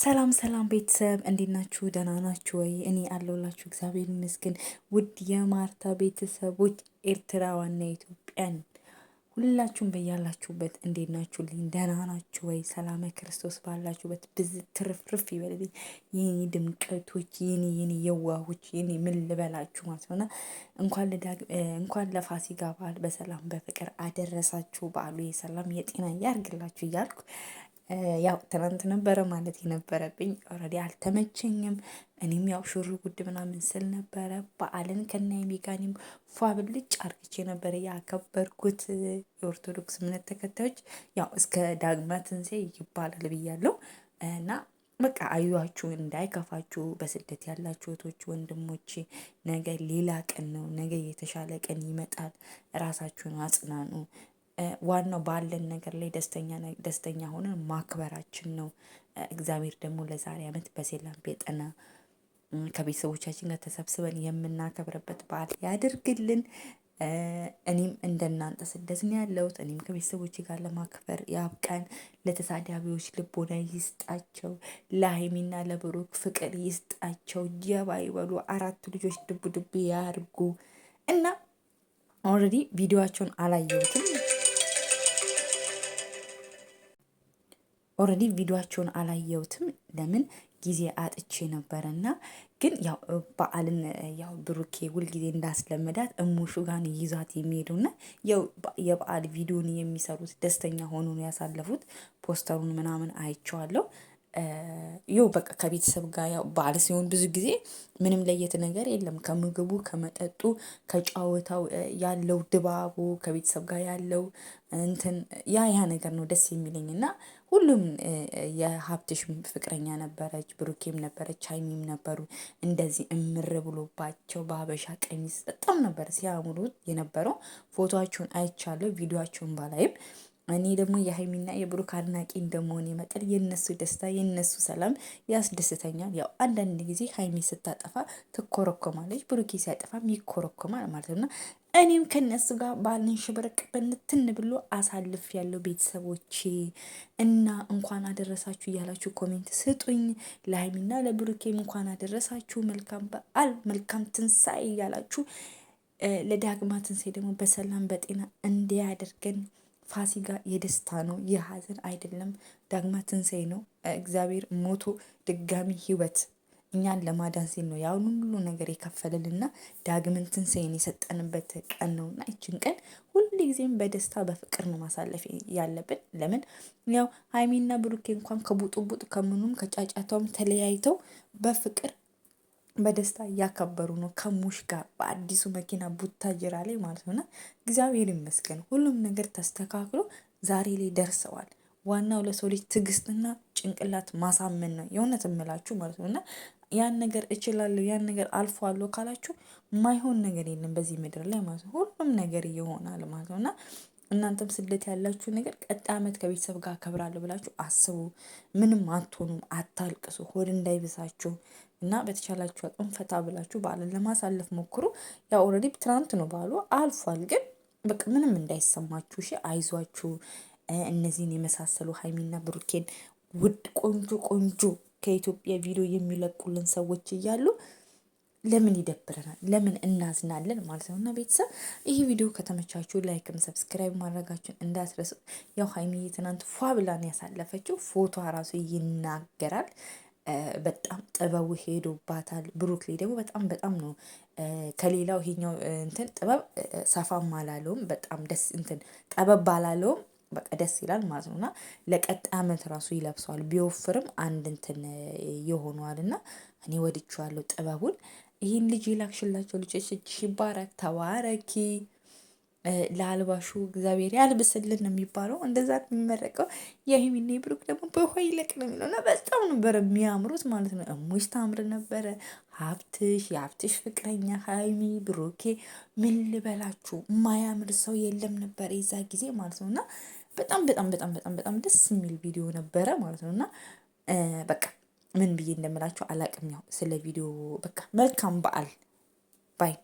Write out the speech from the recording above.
ሰላም ሰላም ቤተሰብ እንዴት ናችሁ? ደህና ናችሁ ወይ? እኔ አለሁላችሁ እግዚአብሔር ይመስገን። ውድ የማርታ ቤተሰቦች ኤርትራዋና ኢትዮጵያን ሁላችሁም በያላችሁበት እንዴት ናችሁልኝ? ደህና ናችሁ ወይ? ሰላመ ክርስቶስ ባላችሁበት ብዝ ትርፍርፍ ይበልልኝ። የኔ ድምቀቶች፣ የኔ የኔ የዋሆች፣ የኔ ምን ልበላችሁ ማለት ነውና እንኳን ለፋሲካ በዓል በሰላም በፍቅር አደረሳችሁ። በዓሉ የሰላም የጤና ያርግላችሁ እያልኩ ያው ትናንት ነበረ ማለት የነበረብኝ ኦልሬዲ አልተመቸኝም። እኔም ያው ሹሩ ጉድ ምናምን ስል ነበረ በዓልን ከና የሚጋኒም እኔም አርግቼ ነበረ ያከበርኩት። የኦርቶዶክስ እምነት ተከታዮች ያው እስከ ዳግማ ትንሣኤ ይባላል ብያለሁ እና በቃ አዩዋችሁ እንዳይከፋችሁ። በስደት ያላችሁ እህቶች ወንድሞች፣ ነገ ሌላ ቀን ነው። ነገ የተሻለ ቀን ይመጣል። ራሳችሁን አጽናኑ። ዋናው ባለን ነገር ላይ ደስተኛ ሆነ ሆነን ማክበራችን ነው። እግዚአብሔር ደግሞ ለዛሬ ዓመት በሴላም ቤጠና ከቤተሰቦቻችን ጋር ተሰብስበን የምናከብርበት በዓል ያድርግልን። እኔም እንደናንተ ስደት ነው ያለሁት። እኔም ከቤተሰቦች ጋር ለማክበር ያብቀን ለተሳዳቢዎች ልቦና ይስጣቸው። ለሀይሚና ለብሩክ ፍቅር ይስጣቸው። ጀባ ይበሉ። አራቱ ልጆች ድቡ ድቡ ያርጉ እና ኦልሬዲ ቪዲዮቸውን አላየሁትም። ኦልሬዲ ቪዲዮቸውን አላየሁትም። ለምን ጊዜ አጥቼ ነበረ እና ግን ያው በዓልን ያው ብሩኬ ሁልጊዜ እንዳስለመዳት እሙሹ ጋን ይዟት የሚሄደውና የበአል የበዓል ቪዲዮን የሚሰሩት ደስተኛ ሆኖ ነው ያሳለፉት። ፖስተሩን ምናምን አይቼዋለሁ። ይው በቃ ከቤተሰብ ጋር ያው በዓል ሲሆን ብዙ ጊዜ ምንም ለየት ነገር የለም። ከምግቡ፣ ከመጠጡ፣ ከጨዋታው ያለው ድባቡ ከቤተሰብ ጋር ያለው እንትን ያ ያ ነገር ነው ደስ የሚለኝ እና ሁሉም የሀብትሽ ፍቅረኛ ነበረች፣ ብሩኬም ነበረች፣ ሀይሚም ነበሩ። እንደዚህ እምር ብሎባቸው በሀበሻ ቀሚስ በጣም ነበር ሲያምሩ የነበረው። ፎቶቸውን አይቻለሁ፣ ቪዲዮቸውን ባላይም እኔ ደግሞ የሀይሚና የብሩክ አድናቂ እንደመሆን መጠን የነሱ ደስታ የነሱ ሰላም ያስደስተኛል። ያው አንዳንድ ጊዜ ሀይሚ ስታጠፋ ትኮረኮማለች፣ ብሩኬ ሲያጠፋም ይኮረኮማል ማለት ነው። እኔም ከነሱ ጋር ባልን ሽብርቅ ብንትን ብሎ አሳልፍ ያለው ቤተሰቦቼ እና እንኳን አደረሳችሁ እያላችሁ ኮሜንት ስጡኝ። ለሀይሚና ለብሩኬም እንኳን አደረሳችሁ፣ መልካም በዓል፣ መልካም ትንሣኤ እያላችሁ ለዳግማ ትንሣኤ ደግሞ በሰላም በጤና እንዲያደርገን። ፋሲጋ የደስታ ነው፣ የሀዘን አይደለም። ዳግማ ትንሣኤ ነው። እግዚአብሔር ሞቶ ድጋሚ ህይወት እኛን ለማዳን ሲል ነው ያሁን ሁሉ ነገር የከፈለልና ዳግምን ትንሣኤን የሰጠንበት ቀን ነውና ይችን ቀን ሁሉ ጊዜም በደስታ በፍቅር ነው ማሳለፍ ያለብን። ለምን ያው ሀይሚና ብሩኬ እንኳን ከቡጡቡጥ ከምኑም ከጫጫታውም ተለያይተው በፍቅር በደስታ እያከበሩ ነው። ከሙሽ ጋር በአዲሱ መኪና ጅራ ላይ ማለት ነውና እግዚአብሔር ይመስገን ሁሉም ነገር ተስተካክሎ ዛሬ ላይ ደርሰዋል። ዋናው ለሰው ልጅ ትዕግስትና ጭንቅላት ማሳመን ነው። የእውነት እምላችሁ ማለት ነውና። ያን ነገር እችላለሁ ያን ነገር አልፏለሁ ካላችሁ ማይሆን ነገር የለም በዚህ ምድር ላይ ማለት ነው። ሁሉም ነገር ይሆናል ማለት ነው። እና እናንተም ስደት ያላችሁ ነገር ቀጣይ አመት ከቤተሰብ ጋር አከብራለሁ ብላችሁ አስቡ። ምንም አትሆኑም አታልቅሱ ሆድ እንዳይብሳችሁ እና በተቻላችሁ አቅም ፈታ ብላችሁ በዓልን ለማሳለፍ ሞክሩ። ያ ኦልሬዲ ትናንት ነው በዓሉ አልፏል። ግን በቃ ምንም እንዳይሰማችሁ እሺ አይዟችሁ። እነዚህን የመሳሰሉ ሀይሚና ብሩኬን ውድ ቆንጆ ቆንጆ ከኢትዮጵያ ቪዲዮ የሚለቁልን ሰዎች እያሉ ለምን ይደብረናል? ለምን እናዝናለን ማለት ነው። እና ቤተሰብ ይህ ቪዲዮ ከተመቻችሁ ላይክም ሰብስክራይብ ማድረጋችሁን እንዳትረሱ። ያው ሀይሚ ትናንት ፏ ብላን ያሳለፈችው ፎቶ ራሱ ይናገራል። በጣም ጥበቡ ሄዶባታል። ላይ ደግሞ በጣም በጣም ነው ከሌላው ይሄኛው እንትን ጥበብ ሰፋም አላለውም። በጣም ደስ እንትን ጠበብ አላለውም። በቃ ደስ ይላል ማለት ነው እና ለቀጣይ ዓመት ራሱ ይለብሰዋል። ቢወፍርም አንድ እንትን ይሆነዋል እና እኔ ወድቼዋለሁ ጥበቡን። ይህን ልጅ ይላክሽላቸው ልጆች እጅሽ ይባረክ ተባረኪ። ለአልባሹ እግዚአብሔር ያልብስልን ነው የሚባለው እንደዛ የሚመረቀው። የሀይሚና ብሩክ ደግሞ በውሃ ይለቅ ነው የሚለው እና በጣም ነበረ የሚያምሩት ማለት ነው። እሙሽ ታምር ነበረ። ሀብትሽ የሀብትሽ ፍቅረኛ ሀይሚ ብሩኬ ምን ልበላችሁ የማያምር ሰው የለም ነበር የዛ ጊዜ ማለት ነው እና በጣም በጣም በጣም በጣም በጣም ደስ የሚል ቪዲዮ ነበረ ማለት ነው እና በቃ ምን ብዬ እንደምላቸው አላቅም። ያው ስለ ቪዲዮ በቃ መልካም በዓል ባይ